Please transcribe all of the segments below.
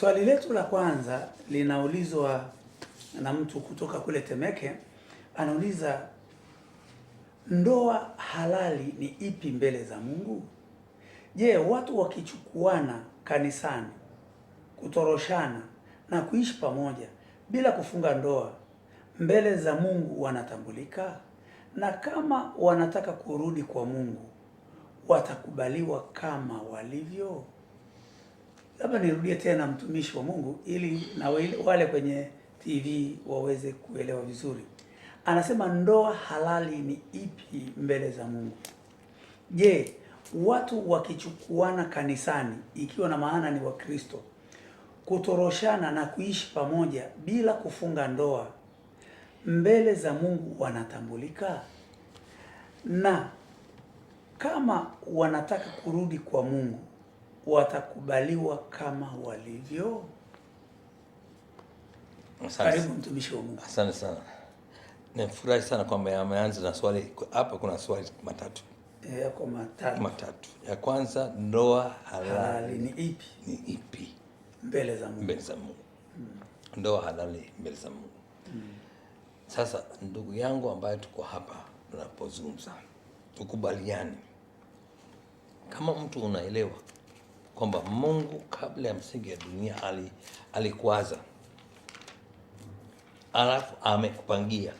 Swali letu la kwanza linaulizwa na mtu kutoka kule Temeke, anauliza ndoa halali ni ipi mbele za Mungu? Je, watu wakichukuana kanisani, kutoroshana na kuishi pamoja bila kufunga ndoa mbele za Mungu wanatambulika? Na kama wanataka kurudi kwa Mungu watakubaliwa kama walivyo? labda nirudie tena, mtumishi wa Mungu, ili na wale kwenye TV waweze kuelewa vizuri. Anasema ndoa halali ni ipi mbele za Mungu? Je, watu wakichukuana kanisani, ikiwa na maana ni Wakristo, kutoroshana na kuishi pamoja bila kufunga ndoa, mbele za Mungu wanatambulika? Na kama wanataka kurudi kwa Mungu watakubaliwa kama walivyo. Karibu mtumishi wa Mungu. Asante sana. Nimefurahi sana kwamba ameanza na swali hapa. Kuna swali matatu yako eh, matatu. Matatu. Ya kwanza, ndoa halali, halali ni ipi? Ni ipi mbele za Mungu? Mbele za Mungu. Hmm. Ndoa halali mbele za Mungu. Hmm. Sasa ndugu yangu ambaye tuko hapa tunapozungumza, tukubaliani kama mtu unaelewa kwamba Mungu kabla ya msingi ya dunia alikuwaza, alafu amekupangia,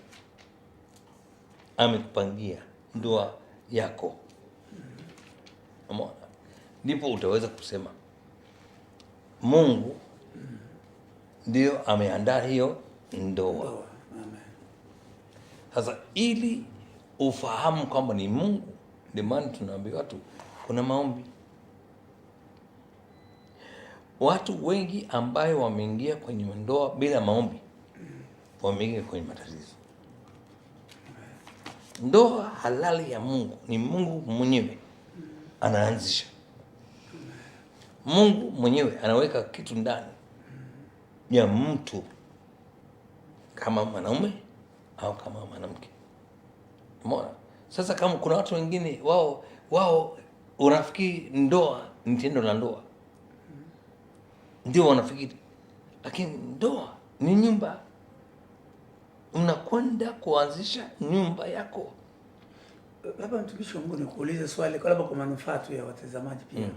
amekupangia ndoa yako. Umeona? Ndipo utaweza kusema Mungu ndio ameandaa hiyo ndoa. Sasa ili ufahamu kwamba ni Mungu, ndio maana tunaambia watu kuna maombi Watu wengi ambayo wameingia kwenye ndoa bila maombi wameingia kwenye matatizo. Ndoa halali ya Mungu ni Mungu mwenyewe anaanzisha. Mungu mwenyewe anaweka kitu ndani ya mtu kama mwanaume au kama mwanamke. Umeona? Sasa kama kuna watu wengine wao wao unafikiri ndoa ni tendo la ndoa ndio wanafikiri, lakini ndoa ni nyumba. Unakwenda kuanzisha nyumba yako. Labda mtumishi wa Mungu, nikuulize swali labda kwa manufaa tu ya watazamaji pia mm.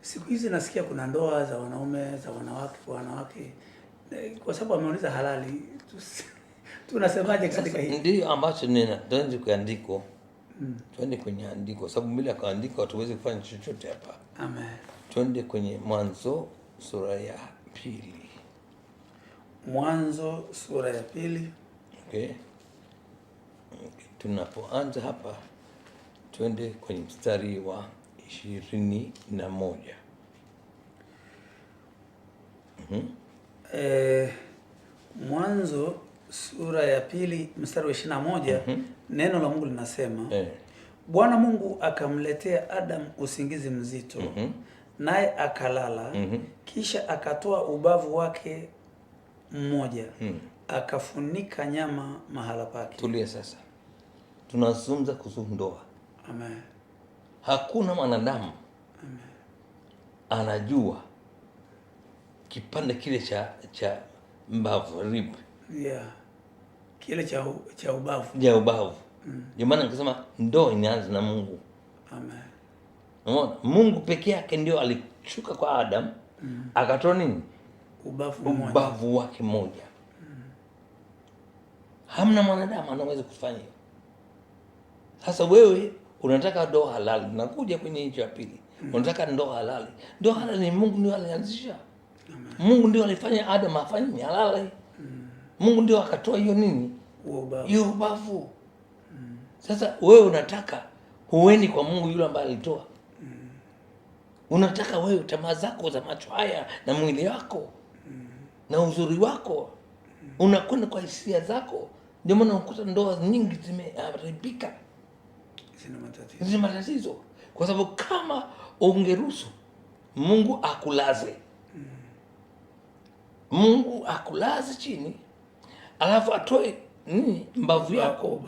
Siku hizi nasikia kuna ndoa za wanaume za wanawake kwa wanawake, kwa sababu ameuliza halali, tunasemaje katika hii? Ndio ambacho nina kuandiko Mm. Twende kwenye andiko, sababu bila kaandika watu kufanya chochote hapa. Amen. Twende kwenye Mwanzo sura ya pili. Mwanzo sura ya pili. Okay. Okay. Tunapoanza hapa twende kwenye mstari wa ishirini na moja. Mm-hmm. e, Mwanzo sura ya pili mstari wa ishirini na moja. Mm-hmm neno la Mungu linasema eh, Bwana Mungu akamletea Adam usingizi mzito mm -hmm. naye akalala mm -hmm. kisha akatoa ubavu wake mmoja mm -hmm. akafunika nyama mahala pake. Tulie sasa, tunazungumza kuhusu ndoa. Amen. Hakuna mwanadamu anajua kipande kile cha cha mbavu rib yeah kile cha, cha ubavu ya ubavu mm. Ndio maana nikasema ndoo inaanza na Mungu. Amen. Unaona, Mungu peke yake ndio alishuka kwa Adam mm. akatoa nini ubavu, ubavu wake mmoja mm. hamna mwanadamu anaweza kufanya hiyo. Sasa wewe unataka ndoa halali, nakuja kwenye hicho ya pili mm. unataka ndoa halali. Ndoa halali ni Mungu ndio alianzisha. Mungu ndio alifanya Adam afanye halali mm. Mungu ndio akatoa hiyo nini ubavu. Mm. Sasa wewe unataka huendi kwa Mungu yule ambaye alitoa. Mm. Unataka wewe tamaa zako za macho haya na mwili wako mm. na uzuri wako mm. unakwenda kwa hisia zako, ndio maana unakuta ndoa nyingi zimeharibika, zina matatizo, zina matatizo kwa sababu kama ungeruhusu Mungu akulaze mm. Mungu akulaze chini alafu atoe nini mm, mbavu yako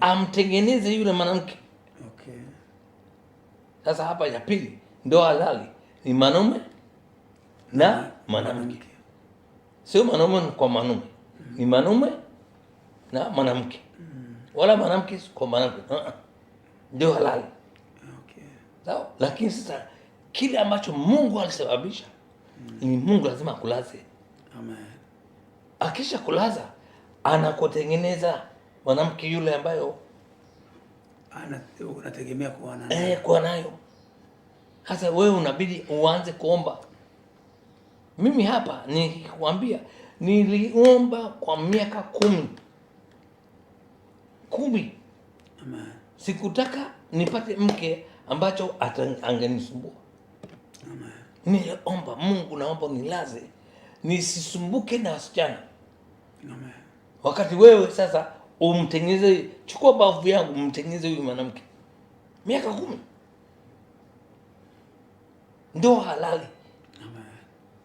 amtengeneze yule mwanamke. Okay. Sasa hapa ya pili ndoa halali ni mwanaume na mm, mwanamke, sio mwanaume kwa mwanaume, mm. ni mwanaume na mwanamke, wala mwanamke kwa mwanamke, ah, ah. ndio halali. Okay. Sawa, lakini sasa kile ambacho Mungu alisababisha ni Mungu lazima akulaze. Amen. Akisha kulaza anakotengeneza mwanamke yule ambayo unategemea kuwa eh, nayo eh, kuwa nayo. hasa. wewe unabidi uanze kuomba. Mimi hapa nikikwambia, niliomba kwa miaka kumi kumi, sikutaka nipate mke ambacho angenisumbua. Niliomba Mungu, naomba nilaze nisisumbuke na wasichana Amen. Wakati wewe sasa umtengeneze, chukua bavu yangu umtengeneze huyu mwanamke miaka kumi, ndo halali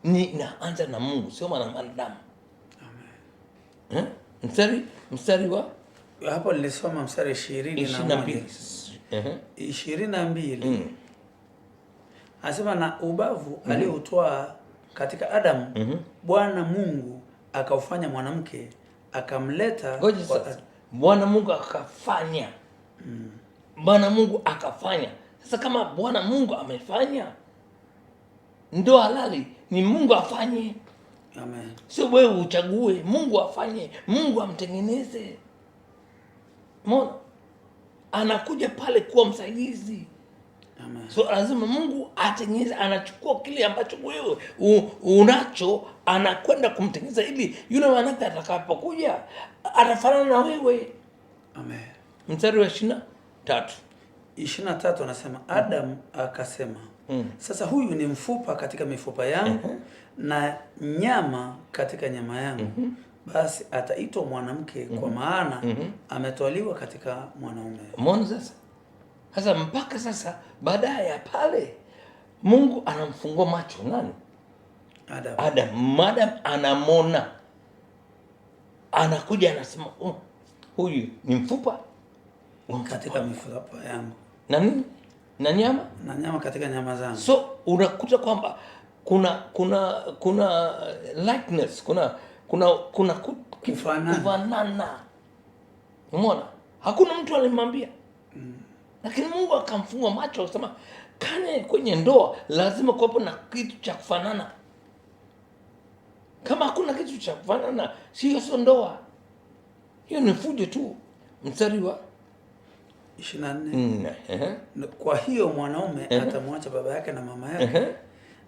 ni naanza na Mungu, sio mwanadamu. Eh? Mstari mstari wa hapo nilisoma mstari ishirini na mbili ishirini na mbili mm. anasema na ubavu mm -hmm. alioutoa katika Adamu mm -hmm. Bwana Mungu akaufanya mwanamke akamleta ngoja sasa, Bwana Mungu akafanya mm. Bwana Mungu akafanya. Sasa kama Bwana Mungu amefanya, ndo halali ni Mungu afanye, amen. Sio wewe uchague, Mungu afanye, Mungu amtengeneze. Mbona anakuja pale kuwa msaidizi Amen. So lazima Mungu atengeneze, anachukua kile ambacho wewe unacho anakwenda kumtengeneza, ili yule mwanamke atakapokuja atafanana na wewe. Amen. Mstari wa ishirini na tatu ishirini na tatu anasema Adam akasema mm. Sasa huyu ni mfupa katika mifupa yangu mm-hmm. na nyama katika nyama yangu mm-hmm. basi ataitwa mwanamke kwa mm-hmm. maana mm ametwaliwa katika mwanaume. Mbona sasa sasa mpaka sasa, baada ya pale, Mungu anamfungua macho nani? Adam. Adam, madam anamona, anakuja anasema, oh, huyu ni mfupa katika mifupa yangu na nini na nyama na nyama katika nyama zangu. So unakuta kwamba kuna kuna kuna likeness, kuna kuna kuna kufanana. Umeona, hakuna mtu alimwambia mm. Lakini Mungu akamfungua macho akasema, kane kwenye ndoa lazima kuwapo na kitu cha kufanana. Kama hakuna kitu cha kufanana, sio sio ndoa, hiyo ni fujo tu. Mstari wa ishirini na nne. Kwa hiyo mwanaume atamwacha baba yake na mama yake,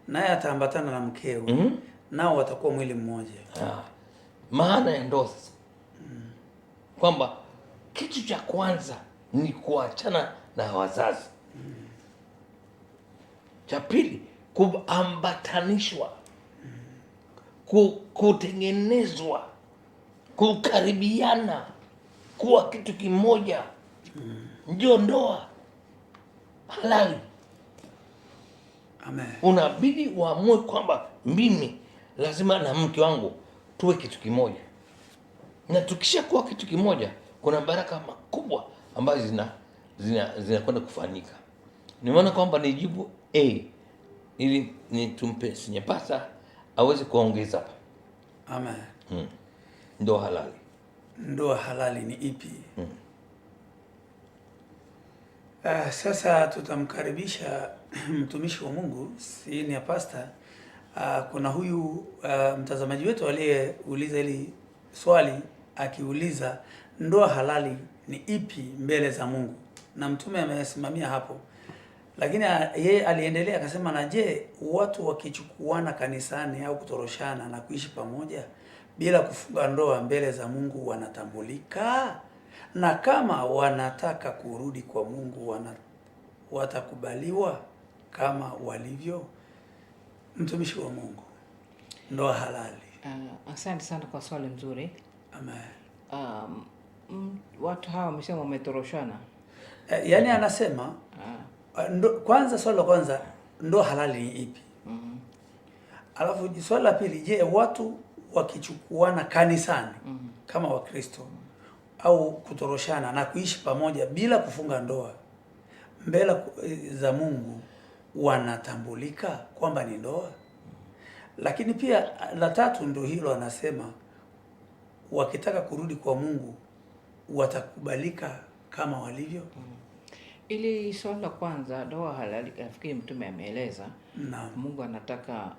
naye ataambatana na mkewe, mhm. nao watakuwa mwili mmoja. Ah, maana ya ndoa sasa, mm. kwamba kitu cha kwanza ni kuachana na wazazi. Cha pili, kuambatanishwa, kutengenezwa, kukaribiana, kuwa kitu kimoja, ndio ndoa halali. Amen. Unabidi uamue kwamba mimi lazima na mke wangu tuwe kitu kimoja, na tukishakuwa kitu kimoja, kuna baraka makubwa ambazo zina zinakwenda zina kufanyika. Nimeona kwamba ni jibu A ili nitumpe Sinyapasa aweze kuongeza hapa. Amen. Hmm. Ndoa halali, ndoa halali ni ipi? Hmm. Uh, sasa tutamkaribisha mtumishi wa Mungu Sinyapasta. Uh, kuna huyu uh, mtazamaji wetu aliyeuliza hili swali akiuliza ndoa halali ni ipi mbele za Mungu, na mtume amesimamia hapo, lakini yeye aliendelea akasema, na je, watu wakichukuana kanisani au kutoroshana na kuishi pamoja bila kufunga ndoa mbele za Mungu wanatambulika? Na kama wanataka kurudi kwa Mungu wana, watakubaliwa kama walivyo? Mtumishi wa Mungu, ndoa halali. Uh, asante sana kwa swali mzuri. Amen. Um, Mm, watu hawa wamesema wametoroshana. E, yani anasema ah. Eh, ndo, kwanza swali la kwanza ndoa halali ni ipi? mm -hmm. Alafu swali la pili, je, watu wakichukuana kanisani mm -hmm. kama Wakristo mm -hmm. au kutoroshana na kuishi pamoja bila kufunga ndoa mbele eh, za Mungu wanatambulika kwamba ni ndoa? Lakini pia la tatu ndio hilo, anasema wakitaka kurudi kwa Mungu watakubalika kama walivyo? Ili swala la kwanza ndoa halali, nafikiri Mtume ameeleza Mungu anataka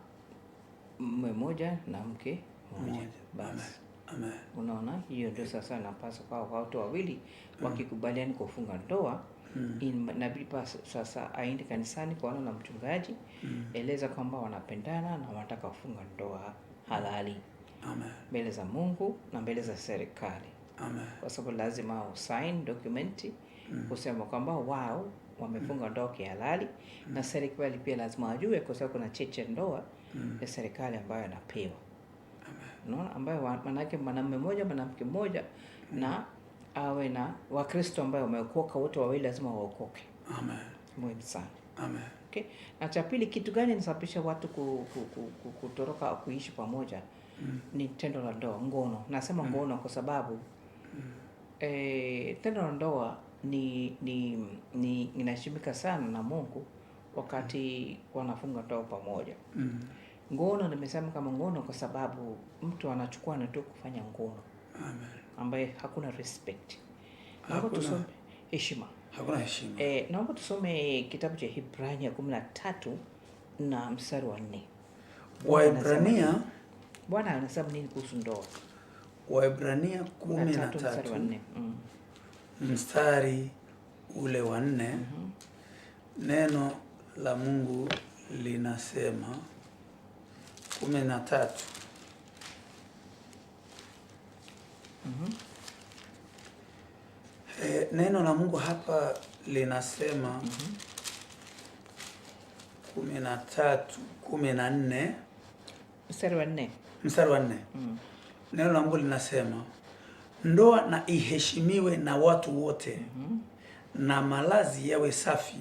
mume mmoja na mke mmoja basi. Amen. Unaona, hiyo ndio sasa napasa kwa watu wawili wakikubaliani kufunga ndoa Hmm. Inabidi sasa aende kanisani kuona na mchungaji hmm. Eleza kwamba wanapendana na wanataka kufunga ndoa halali Amen. Mbele za Mungu na mbele za serikali. Kwa sababu lazima usign dokumenti mm. kusema kwamba wao wamefunga mm. ndoa kihalali mm. na serikali pia lazima wajue, kwa sababu kuna cheche ndoa mm. ya serikali ambayo anapewa no, ambayo manake mwanamume mmoja mwanamke mmoja mm. na awe na Wakristo ambayo wameokoka wote wawili lazima waokoke. Amen. Muhimu sana. Amen. Okay. Na cha pili, kitu gani inasababisha watu ku, ku, ku, ku, kutoroka kuishi pamoja? mm. ni tendo la ndoa, ngono. Nasema mm. ngono kwa sababu E, tendo la ndoa ni ni ni inaheshimika sana na Mungu wakati wanafunga ndoa pamoja. Mm. Ngono nimesema kama ngono kwa sababu mtu anachukua na tu kufanya ngono. Amen. Ambaye hakuna respect. Naomba tusome heshima. Hakuna heshima. Eh, naomba tusome kitabu cha Hibrania 13 na mstari wa 4. Waibrania Bwana anasema nini kuhusu ndoa? Waebrania kumi na tatu mm. mstari ule wa nne mm -hmm. Neno la Mungu linasema kumi na tatu mm -hmm. E, neno la Mungu hapa linasema mhm. kumi na tatu kumi na nne mstari wa nne mstari wa nne mm -hmm neno la Mungu linasema ndoa na iheshimiwe na watu wote mm -hmm. na malazi yawe safi,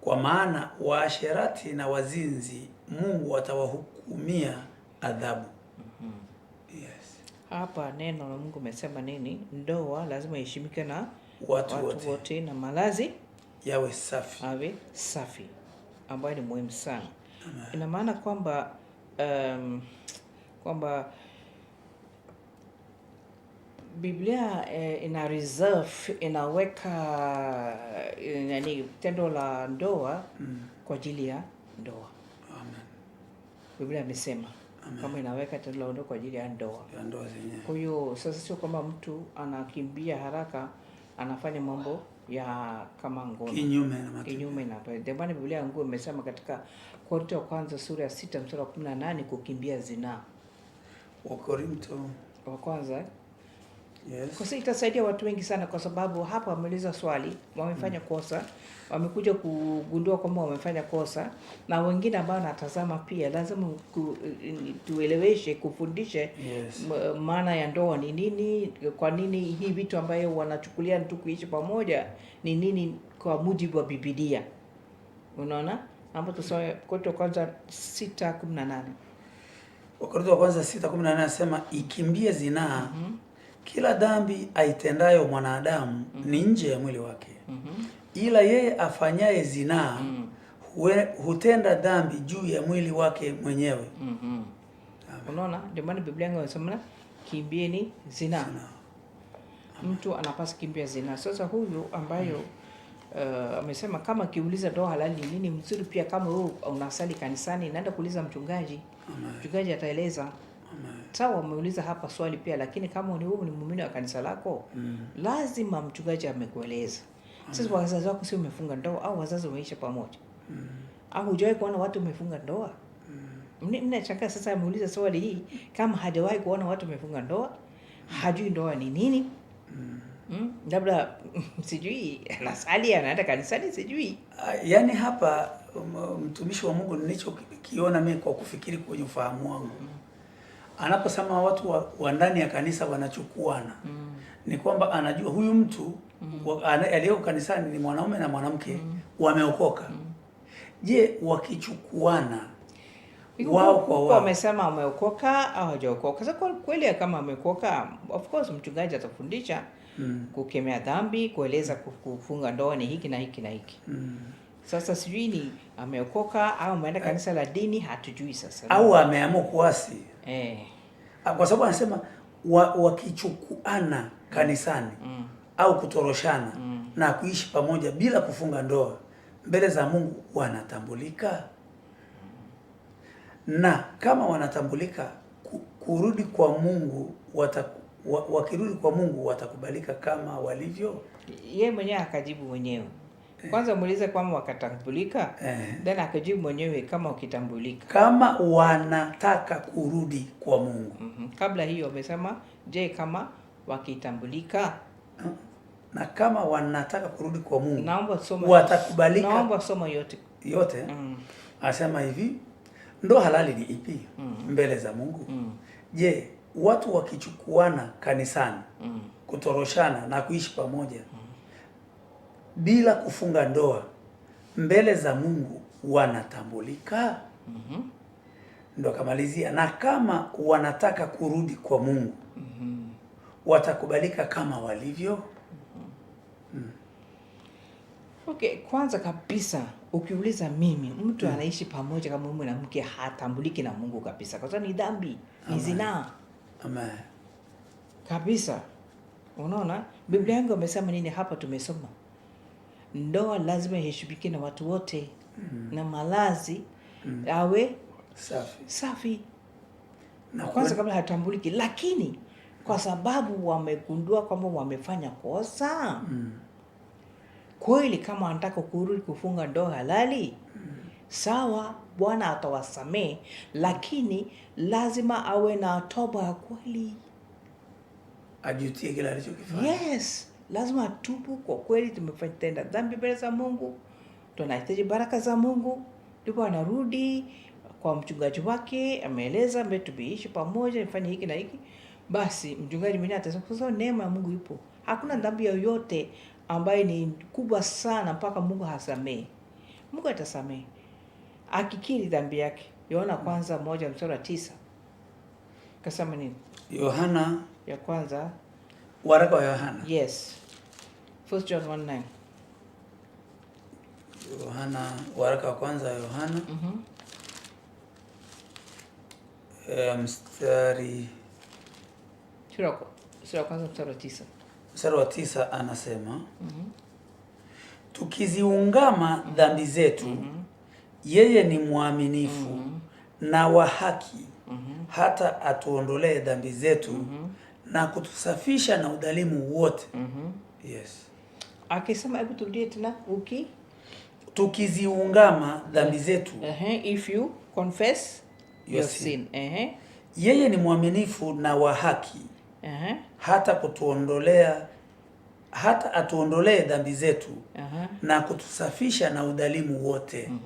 kwa maana waasherati na wazinzi Mungu atawahukumia adhabu. Mhm. Yes. Hapa neno la Mungu umesema nini? Ndoa lazima iheshimike na watu, watu wote. wote na malazi yawe safi, awe safi, ambayo ni muhimu sana. Ina maana kwamba um, kwamba Biblia eh, ina reserve inaweka yani eh, tendo la ndoa mm. kwa ajili ya ndoa. Amen. Biblia imesema kama inaweka tendo la ndoa kwa ajili ya ndoa. Ya ndoa zenyewe. Kwa hiyo sasa sio kwamba mtu anakimbia haraka anafanya mambo ya kama ngono. Kinyume na matendo. Kinyume na Ndio maana Biblia nguo imesema katika Korinto ya kwanza sura ya 6 mstari wa 18 kukimbia zinaa. Wakorinto wa kwanza Yes. Kwa sababu itasaidia watu wengi sana, kwa sababu hapa wameuliza swali, wamefanya mm. kosa, wamekuja kugundua kwamba wamefanya kosa, na wengine ambao wanatazama pia lazima ku, tueleweshe, kufundishe yes. maana ya ndoa ni nini, kwa nini hii vitu ambayo wanachukulia tu kuishi pamoja ni nini kwa mujibu wa Biblia, unaona Hapo tusome Wakorintho wa kwanza 6:18 Wakorintho wa kwanza 6:18 nasema ikimbie zinaa mm -hmm kila dhambi aitendayo mwanadamu mm -hmm. ni nje ya mwili wake mm -hmm. ila yeye afanyaye zinaa mm -hmm. hutenda dhambi juu ya mwili wake mwenyewe. mm -hmm. Unaona, ndio maana Biblia inasema kimbieni zinaa. Mtu anapasa kimbia zinaa. Sasa huyu ambayo mm -hmm. Uh, amesema kama akiuliza ndoa halali ni nini, mzuri pia. Kama wewe unasali kanisani, naenda kuuliza mchungaji, mchungaji ataeleza. Sawa, wameuliza hapa swali pia, lakini kama ni wewe ni muumini wa kanisa lako mm. lazima mchungaji amekueleza. Mm. Sasa wazazi wako si umefunga ndoa au wazazi wameishi pamoja mm. au hujawahi kuona watu umefunga ndoa mm. Nachaka sasa, ameuliza swali hii kama hajawahi kuona watu umefunga ndoa, mm. hajui ndoa ni nini mm. Mm, labda sijui anasali anaenda kanisani sijui. Uh, yani hapa um, mtumishi wa Mungu nilichokiona mimi kwa kufikiri kwenye ufahamu wangu mm anaposema watu wa, wa ndani ya kanisa wanachukuana mm. ni kwamba anajua huyu mtu mm. aliyeko kanisani ni mwanaume na mwanamke mm. wameokoka mm. Je, wakichukuana wao kwa wao wamesema ameokoka au hajaokoka? Sasa kwa kweli kama ameokoka, of course mchungaji atafundisha mm. kukemea dhambi, kueleza kufunga ndoa ni hiki na hiki na hiki mm. Sasa sijui ni ameokoka au ameenda kanisa la dini, hatujui sasa, au ameamua kuasi eh, ah, kwa sababu anasema wakichukuana wa kanisani mm. mm. au kutoroshana mm. na kuishi pamoja bila kufunga ndoa mbele za Mungu wanatambulika na kama wanatambulika kurudi kwa Mungu wata, wakirudi kwa Mungu watakubalika kama walivyo. Yeye mwenyewe akajibu mwenyewe Eh. kwanza muulize kama wakatambulika eh, then akajibu mwenyewe kama ukitambulika, kama wanataka kurudi kwa Mungu mm -hmm. Kabla hiyo wamesema je, kama wakitambulika eh. na kama wanataka kurudi kwa Mungu, naomba soma, watakubalika, naomba soma yote yote mm. Asema hivi ndo halali ni ipi mm. mbele za Mungu mm. Je, watu wakichukuana kanisani mm. kutoroshana na kuishi pamoja mm bila kufunga ndoa mbele za Mungu wanatambulika? mm -hmm. Ndo akamalizia na kama wanataka kurudi kwa Mungu mm -hmm. watakubalika kama walivyo? mm -hmm. mm. Okay, kwanza kabisa ukiuliza mimi mtu mm. anaishi pamoja kama mume na mke hatambuliki na Mungu kabisa, kwa sababu ni dhambi, ni zinaa kabisa. Unaona Biblia yangu amesema nini hapa? Tumesoma ndoa lazima iheshimike na watu wote mm. na malazi mm. awe safi, safi. Na kwanza kabla hatambuliki, lakini kwa sababu wamegundua kwamba wamefanya kosa mm. kweli, kama anataka kurudi kufunga ndoa halali mm. sawa, Bwana atawasamehe, lakini lazima awe na toba ya kweli, ajutie kila alichokifanya. Yes lazima atubu kwa kweli, tumetenda dhambi mbele za Mungu, tunahitaji baraka za Mungu, ndipo anarudi kwa mchungaji wake, ameeleza mbele, tuishi pamoja, nifanye hiki na hiki. Basi mchungaji mwenyewe atasema kwa sababu neema ya Mungu ipo, hakuna dhambi yoyote ambayo ni kubwa sana mpaka Mungu hasamee. Mungu atasamee akikiri dhambi yake. Yohana kwanza moja mstari wa tisa kasema nini? Yohana ya kwanza waraka wa Yohana. Yes. First John 1 9. Yohana, waraka wa kwanza Yohana. Mm -hmm. E, mstari sura kwanza mstari wa tisa. Mstari wa tisa anasema mm -hmm. Tukiziungama mm -hmm. dhambi zetu mm -hmm. yeye ni mwaminifu mm -hmm. na wa haki mm -hmm. hata atuondolee dhambi zetu mm -hmm na kutusafisha na udhalimu wote. mm -hmm. Yes, akisema hebu turudie tena uki tukiziungama dhambi eh, zetu. uh eh, -huh. If you confess your sin. Sin. Uh eh, -huh. Yeye ni mwaminifu na wa haki uh -huh. hata kutuondolea hata atuondolee dhambi zetu uh -huh. na kutusafisha na udhalimu wote. mm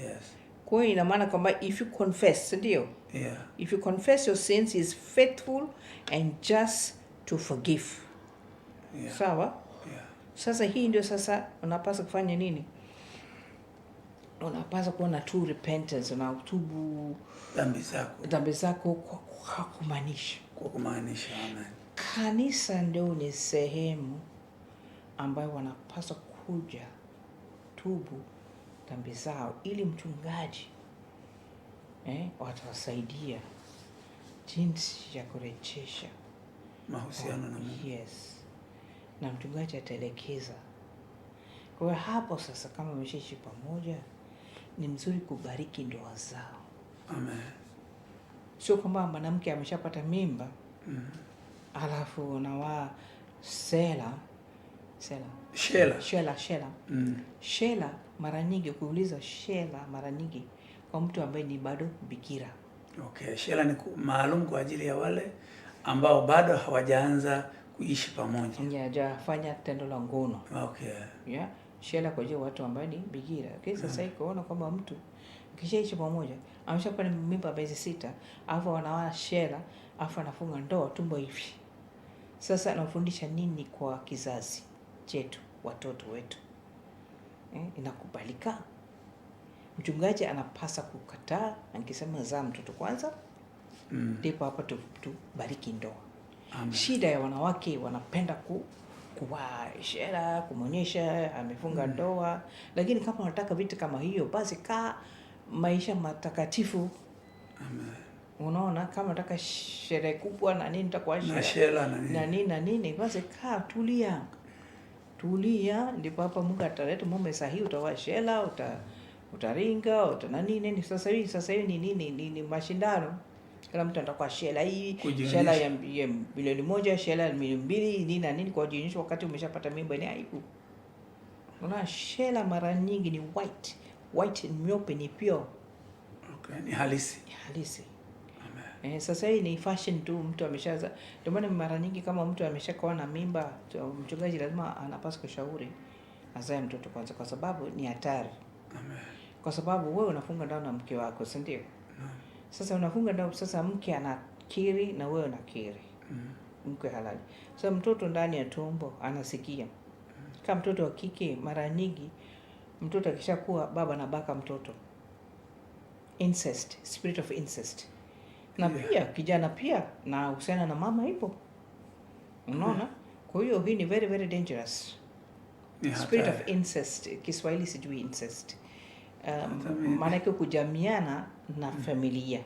-hmm. Yes. Kwa hiyo ina maana kwamba if you confess, ndio? Yeah. If you confess your sins, he is faithful and just to forgive yeah. Sawa yeah. Sasa hii ndio sasa unapaswa kufanya nini? Unapaswa kuwa na true repentance, utubu dhambi zako, dhambi zako kwa kumaanisha, kwa kumaanisha. Amen. Kanisa ndio ni sehemu ambayo wanapaswa kuja tubu dhambi zao, ili mchungaji eh, watawasaidia jinsi ya kurejesha mahusiano na Mungu. Yes, na mchungaji ataelekeza. Kwa hiyo hapo sasa, kama umeshaishi pamoja, ni mzuri kubariki ndoa zao. Amen. Sio kwamba mwanamke ameshapata mimba mm. alafu nawaa sela sela shela shela shela, mm. shela mara nyingi, ukiuliza shela mara nyingi kwa mtu ambaye ni bado bikira Okay, shela ni maalum kwa ajili ya wale ambao bado hawajaanza kuishi pamoja. Hajafanya tendo la ngono. Okay. Yeah. Shela kwa ajili ya watu ambao ni bikira. Okay, mm-hmm. sasa hmm. Ikaona kwamba mtu kishaishi pamoja, ameshapata mimba miezi sita, alafu anawa shela, alafu anafunga ndoa tumbo hivi. Sasa anafundisha nini kwa kizazi chetu, watoto wetu? Eh, inakubalika? mchungaji anapasa kukataa, nikisema zaa mtoto kwanza, mm. ndipo mm. hapa tubariki ndoa. Shida ya wanawake wanapenda ku kuwa ishara kumonyesha amefunga mm. ndoa, lakini kama unataka vitu kama hiyo, basi kaa maisha matakatifu. Amen. Unaona, kama unataka sherehe kubwa na nini nitakuwa na na nini na nini, basi kaa tulia tulia, ndipo hapa Mungu ataleta mume sahihi, utawa shela uta mm utaringa utana nini. Sasa hivi sasa hivi ni nini? Ni, ni mashindano, kila mtu anatakuwa shela hii shela ya milioni moja shela ya milioni mbili nini na nini, kwa kujionyesha wakati umeshapata mimba. Ni aibu. Unaona, shela mara nyingi ni white white, nyeupe ni pure, okay, ni halisi ni halisi. Amen. Eh, sasa hii ni fashion tu, mtu ameshaza. Ndio maana mara nyingi kama mtu ameshakuwa na mimba, mchungaji lazima anapaswa kushauri azae mtoto kwanza, kwa sababu ni hatari. Amen kwa sababu wewe unafunga ndoa na mke wako, si ndio? Mm. Sasa unafunga ndoa, sasa mke anakiri na wewe unakiri. Mm. Mke halali. Sasa mtoto ndani ya tumbo anasikia. Mm. Kama mtoto wa kike, mara nyingi mtoto akishakuwa baba anabaka mtoto. Incest, spirit of incest. Na yeah. Pia kijana pia na uhusiana na mama ipo, Unaona? Yeah. Kwa hiyo hii ni very very dangerous. Yeah, spirit of incest. Kiswahili sijui incest. yeah um, maanake kujamiana na familia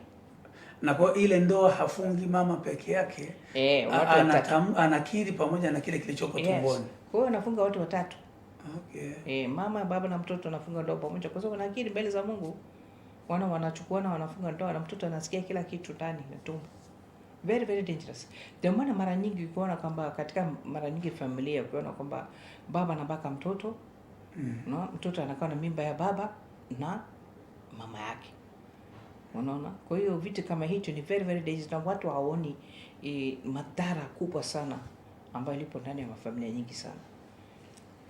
na kwa ile ndoa hafungi mama peke yake e, anatam, anakiri pamoja na kile kilichoko yes. tumboni. Kwa hiyo anafunga watu watatu. Okay. E, mama, baba na mtoto anafunga ndoa pamoja kwa sababu anakiri mbele za Mungu. Wana wanachukuana wanafunga ndoa na mtoto anasikia kila kitu ndani ya tumbo. Very very dangerous. Ndio maana mara nyingi ukiona kwamba katika mara nyingi familia ukiona kwamba baba anabaka mtoto mm. no, mtoto anakuwa na mimba ya baba mm na mama yake, unaona. Kwa hiyo vitu kama hicho ni very very dangerous, na watu hawaoni e, madhara kubwa sana ambayo lipo ndani ya mafamilia nyingi sana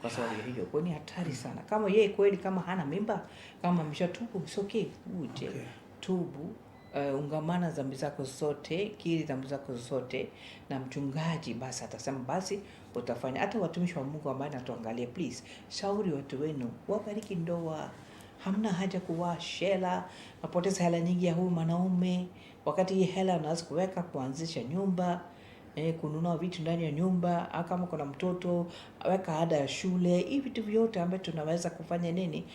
kwa sababu ya hiyo. Kwa ni hatari sana, kama yeye kweli, kama hana mimba, kama ameshatubu it's okay, uje okay. tubu Uh, ungamana dhambi zako zote, kiri dhambi zako zote, na mchungaji basi atasema basi utafanya. Hata watumishi wa Mungu ambaye natuangalia, please shauri watu wenu, wabariki ndoa hamna haja kuwash shela, napoteza hela nyingi ya huyu mwanaume, wakati hii hela unaweza kuweka kuanzisha nyumba eh, kununua vitu ndani ya nyumba, au kama kuna mtoto aweka ada ya shule. Hii vitu vyote ambavyo tunaweza kufanya nini,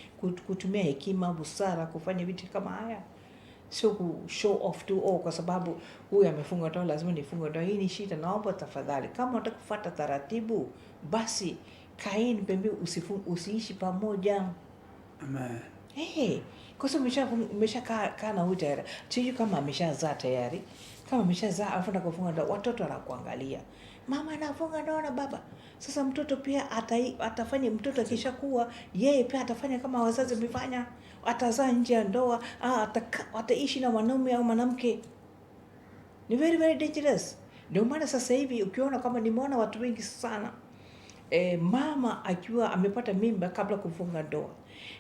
kutumia hekima, busara kufanya vitu kama haya, sio ku show off tu, oh, kwa sababu huyu amefunga ndoa lazima nifunge ndoa. Hii ni shida. Naomba tafadhali, kama unataka kufuata taratibu, basi kaeni pembeni, usiishi pamoja. Amen hey, kwa sababu mesha umeshakaa kaa na huyu tayari chiu kama ameshazaa tayari kama ameshazaa alafu nataka kufunga ndo watoto wanakuangalia mama anafunga ndo na baba sasa mtoto pia ata, atafanya mtoto akishakuwa yeye pia atafanya kama wazazi wamefanya atazaa nje ya ndoa ah, ataishi na mwanaume au mwanamke ni very very dangerous ndio maana sasa hivi ukiona kama nimeona watu wengi sana e, mama akiwa amepata mimba kabla kufunga ndoa,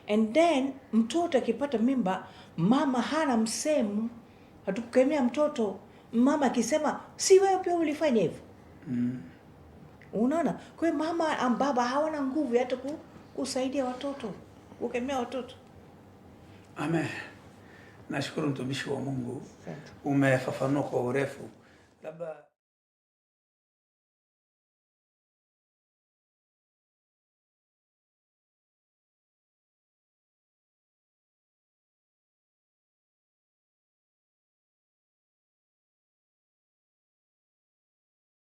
and then mtoto akipata mimba, mama hana msemu hatukukemea mtoto. Mama akisema si wewe pia ulifanya hivyo mm. Unaona, kwa hiyo mama ambaba hawana nguvu hata kusaidia watoto, kukemea watoto. Amen. Nashukuru mtumishi wa Mungu, umefafanua kwa urefu labda